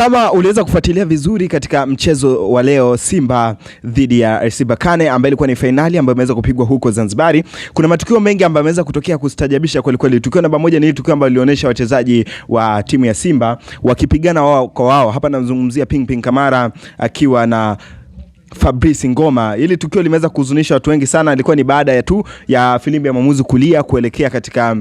Kama uliweza kufuatilia vizuri katika mchezo wa leo Simba dhidi ya RC Berkane ambayo ilikuwa ni fainali ambayo imeweza kupigwa huko Zanzibar, kuna matukio mengi ambayo yameweza kutokea kustajabisha kweli kweli. Tukio namba moja ni ile tukio ambalo lilionyesha wachezaji wa timu ya Simba wakipigana wao kwa wao. Hapa namzungumzia Ping Ping Kamara akiwa na Fabrice Ngoma. Hili tukio limeweza kuhuzunisha watu wengi sana, ilikuwa ni baada ya tu ya filimbi ya mwamuzi kulia kuelekea katika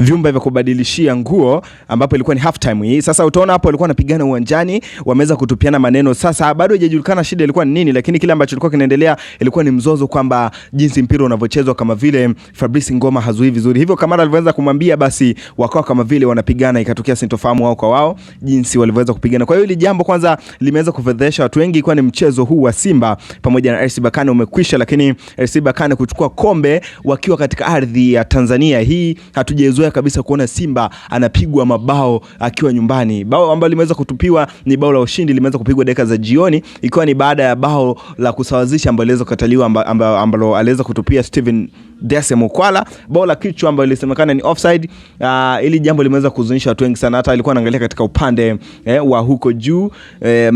vyumba vya kubadilishia nguo ambapo ilikuwa ni half time hii. Sasa utaona hapo walikuwa wanapigana uwanjani, wameweza kutupiana maneno. Sasa bado haijajulikana shida ilikuwa ni nini, lakini kile ambacho kilikuwa kinaendelea ilikuwa ni mzozo kwamba jinsi mpira unavyochezwa, kama vile Fabrice Ngoma hazui vizuri. Hivyo Kamara alivyoweza kumwambia, basi wakawa kama vile wanapigana, ikatokea sintofahamu wao kwa wao jinsi walivyoweza kupigana. Kwa hiyo ile jambo kwanza limeweza kufedhesha watu wengi, kwa ni mchezo huu wa Simba pamoja na RC Berkane umekwisha, lakini RC Berkane kuchukua kombe wakiwa katika ardhi ya Tanzania hii hatujazoea kawaida kabisa kuona Simba anapigwa mabao akiwa nyumbani. Bao ambalo limeweza kutupiwa ni bao la ushindi, limeweza kupigwa dakika za jioni, ikiwa ni baada ya bao la kusawazisha ambalo liweza kukataliwa, ambalo amba aliweza kutupia Steven Dese Mukwala, bao la kichwa ambalo ilisemekana ni offside. Uh, ili jambo limeweza kuzunisha watu wengi sana, hata alikuwa anaangalia katika upande eh, wa huko juu eh,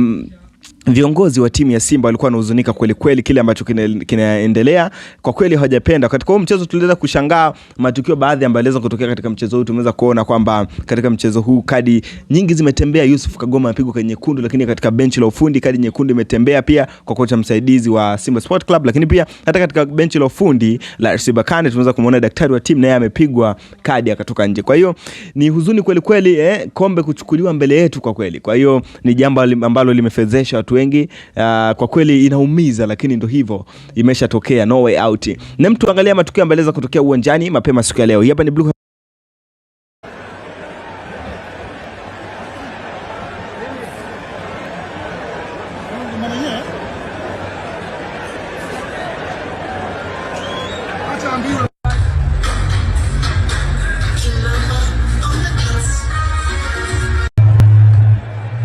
Viongozi wa timu ya Simba walikuwa wanahuzunika kweli kweli kile ambacho kinaendelea. Kwa kweli hawajapenda. Katika huo mchezo tuliweza kushangaa matukio baadhi ambayo yaliweza kutokea katika mchezo huu. Tumeweza kuona kwamba katika mchezo huu kadi nyingi zimetembea. Yusuf Kagoma amepigwa kwenye nyekundu, lakini katika benchi la ufundi kadi nyekundu imetembea pia kwa kocha msaidizi wa Simba Sport Club, lakini pia hata katika benchi la ufundi la RC Berkane tumeweza kumuona daktari wa timu naye amepigwa kadi akatoka nje. Kwa hiyo ni huzuni kweli kweli, eh, kombe kuchukuliwa mbele yetu kwa kweli. Kwa hiyo ni jambo ambalo limefedhesha watu watu wengi uh, kwa kweli inaumiza, lakini ndo hivyo imeshatokea, no way out. Na mtu angalia matukio ambayo yanaweza kutokea uwanjani mapema siku ya leo. Hapa ni Blue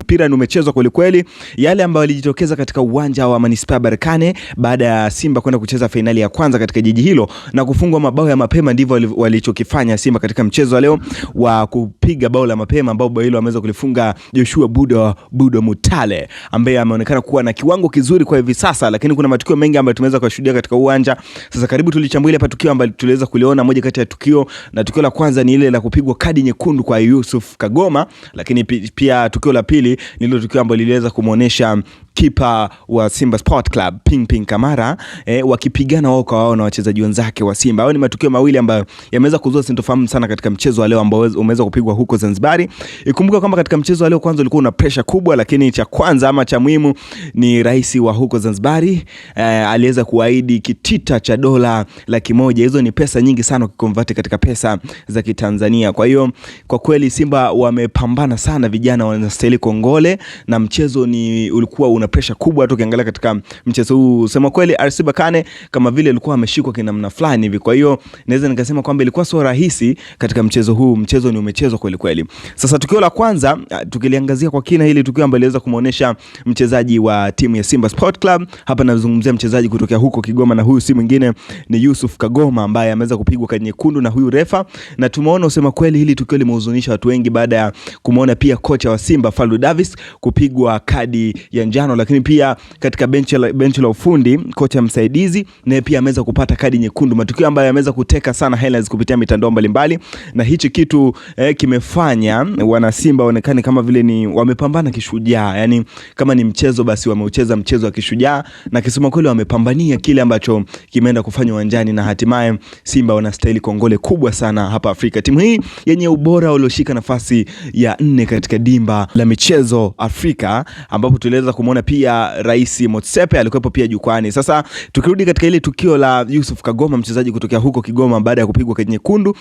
mpira ni umechezwa kweli kweli, yale ambayo yalijitokeza katika uwanja wa manispaa ya Berkane baada ya Simba kwenda kucheza fainali ya kwanza katika jiji hilo na kufungwa mabao ya mapema, ndivyo walichokifanya Simba katika mchezo wa leo wa kupiga bao la mapema, ambao bao hilo ameweza kulifunga Joshua Budo Budo Mutale ambaye ameonekana kuwa na kiwango kizuri kwa hivi sasa, lakini kuna matukio mengi ambayo tumeweza kushuhudia katika uwanja. Sasa karibu tulichambua ile tukio ambalo tuliweza kuliona, moja kati ya tukio na tukio la kwanza ni ile la kupigwa kadi nyekundu kwa Yusuf Kagoma, lakini pia tukio la pili hili tukio ambalo liliweza kumwonyesha kipa wa Simba Sport Club Ping Ping Kamara eh, wakipigana wao kwa wao na wachezaji wenzake wa Simba. Hayo ni matukio mawili ambayo yameweza kuzua sintofahamu sana katika mchezo wa leo ambao umeweza kupigwa huko Zanzibar. Ikumbuka kwamba katika mchezo wa leo kwanza ulikuwa una pressure kubwa, lakini cha kwanza ama cha muhimu ni rais wa huko Zanzibar eh, aliweza kuahidi kitita cha dola laki moja. Hizo ni pesa nyingi sana ukikonvert katika pesa za Kitanzania. Kwa hiyo kwa kweli Simba wamepambana sana, vijana wanastahili kongole, na mchezo ni ulikuwa una presha kubwa tu ukiangalia katika mchezo huu. Sema kweli RC Berkane kama vile alikuwa ameshikwa kinamna fulani hivi. Kwa hiyo naweza nikasema kwamba ilikuwa sio rahisi katika mchezo huu. Mchezo ni umechezwa kweli kweli. Sasa tukio la kwanza ah, tukiliangazia kwa kina hili tukio ambalo liweza kumuonesha mchezaji wa timu ya Simba Sport Club. Hapa nazungumzia mchezaji kutokea huko Kigoma na huyu si mwingine ni Yusuf Kagoma ambaye ameweza kupigwa kadi nyekundu na huyu refa, na tumeona usema kweli hili tukio limehuzunisha watu wengi baada ya kumuona pia kocha wa Simba Falu Davis kupigwa kadi ya njano lakini pia katika benchi la, benchi la ufundi kocha msaidizi naye pia ameweza kupata kadi nyekundu, matukio ambayo yameweza kuteka sana headlines kupitia mitandao mbalimbali, na hichi kitu eh, kimefanya Simba waonekane kama vile ni wamepambana kishujaa, yani kama ni mchezo basi wameucheza mchezo wa kishujaa, na kisema kweli wamepambania kile ambacho kimeenda kufanywa uwanjani, na hatimaye Simba wanastahili kongole kubwa sana hapa Afrika. Timu hii yenye ubora ulioshika nafasi ya nne katika dimba la michezo Afrika ambapo tuliweza kumwona na pia Rais Motsepe alikuwepo pia jukwani. Sasa tukirudi katika ile tukio la Yusuf Kagoma, mchezaji kutokea huko Kigoma, baada ya kupigwa kwenye nyekundu,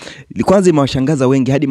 kwanza imewashangaza wengi hadi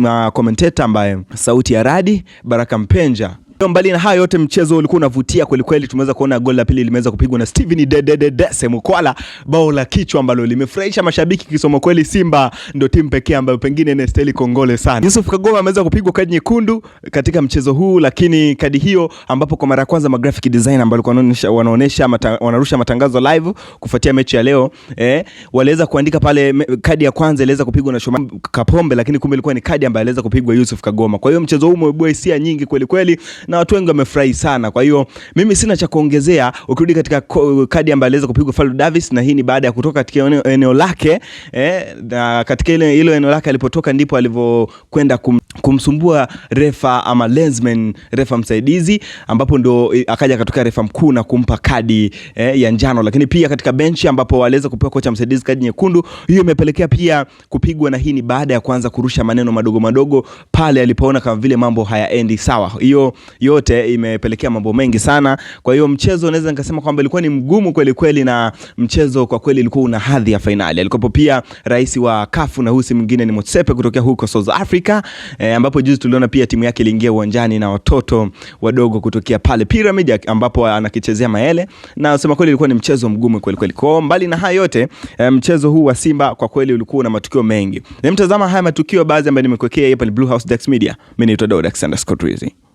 makomenteta ambaye sauti ya radi Baraka Mpenja Mbali na hayo yote, mchezo ulikuwa unavutia kweli kweli. Tumeweza kuona goli la pili limeweza kupigwa na Steven Dedede Semukwala, bao la kichwa ambalo limefurahisha mashabiki kisomo kweli. Simba ndio timu pekee ambayo pengine inastahili kongole sana. Yusuf Kagoma ameweza kupigwa kadi nyekundu katika mchezo huu, lakini kadi hiyo ambapo kwa mara ya kwanza magraphic graphic designer ambao wanaonesha wanaonesha mata, wanarusha matangazo live kufuatia mechi ya leo eh, waliweza kuandika pale kadi ya kwanza iliweza kupigwa na Shomari Kapombe, lakini kumbe ilikuwa ni kadi ambayo iliweza kupigwa Yusuf Kagoma. Kwa hiyo mchezo huu umeibua hisia nyingi kweli kweli na watu wengi wamefurahi sana. Kwa hiyo mimi sina cha kuongezea. Ukirudi katika kadi ambayo aliweza kupigwa Falu Davis, na hii ni baada ya kutoka katika eneo lake eh, na katika ile ile eneo lake alipotoka ndipo alivyokwenda kum, kumsumbua refa ama lensman, refa msaidizi, ambapo ndo eh, akaja akatokea refa mkuu na kumpa kadi eh, ya njano, lakini pia katika benchi ambapo aliweza kupewa kocha msaidizi kadi nyekundu. Hiyo imepelekea pia kupigwa, na hii ni baada ya kuanza kurusha maneno madogo madogo pale alipoona kama vile mambo hayaendi sawa. Hiyo yote imepelekea mambo mengi sana. Kwa hiyo mchezo naweza nikasema kwamba ilikuwa ni mgumu kweli kweli, na mchezo kwa kweli ilikuwa una hadhi ya fainali. Alikuwepo pia rais wa CAF na husi mwingine ni Motsepe kutokea huko South Africa e, ambapo juzi tuliona pia timu yake iliingia uwanjani na watoto wadogo kutokea pale Pyramid ambapo anakichezea Mayele, na sema kweli ilikuwa ni mchezo mgumu kweli kweli. Kwa mbali na hayo yote e, mchezo huu wa Simba kwa kweli ulikuwa na matukio mengi. Nimtazama haya matukio baadhi ambayo nimekuwekea hapa ni Blue House Dax Media. Mimi ni Todd Dax Scott Rizzi.